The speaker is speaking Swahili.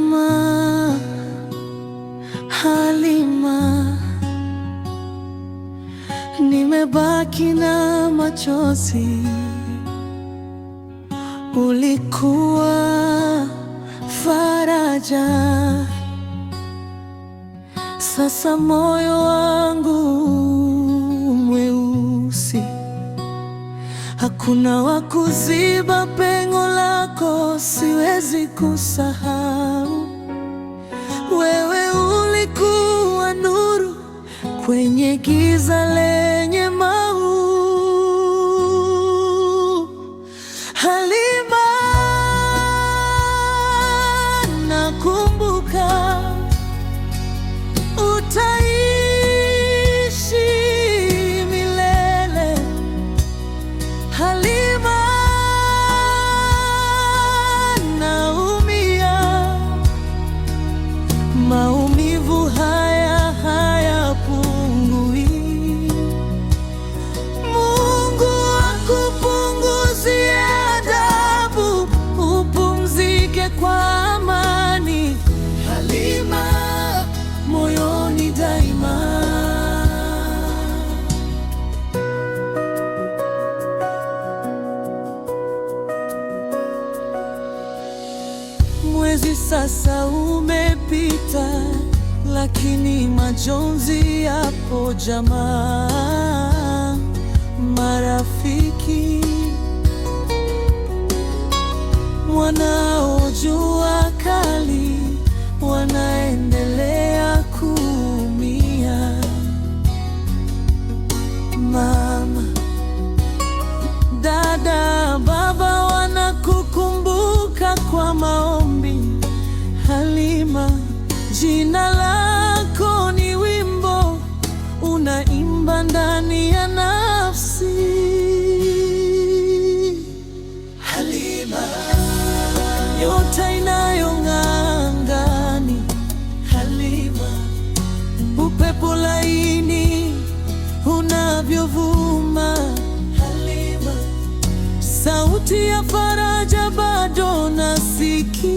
Halima, Halima, nimebaki na machozi. Ulikuwa faraja, sasa moyo wangu hakuna wa kuziba pengo lako, siwezi kusahau. Wewe ulikuwa nuru kwenye giza lenye nipumzike kwa amani. Halima moyoni daima. Mwezi sasa umepita, lakini majonzi yapo jamaa mara wanaojua kali wanaendelea kuumia mama. sauti ya faraja bado nasikia.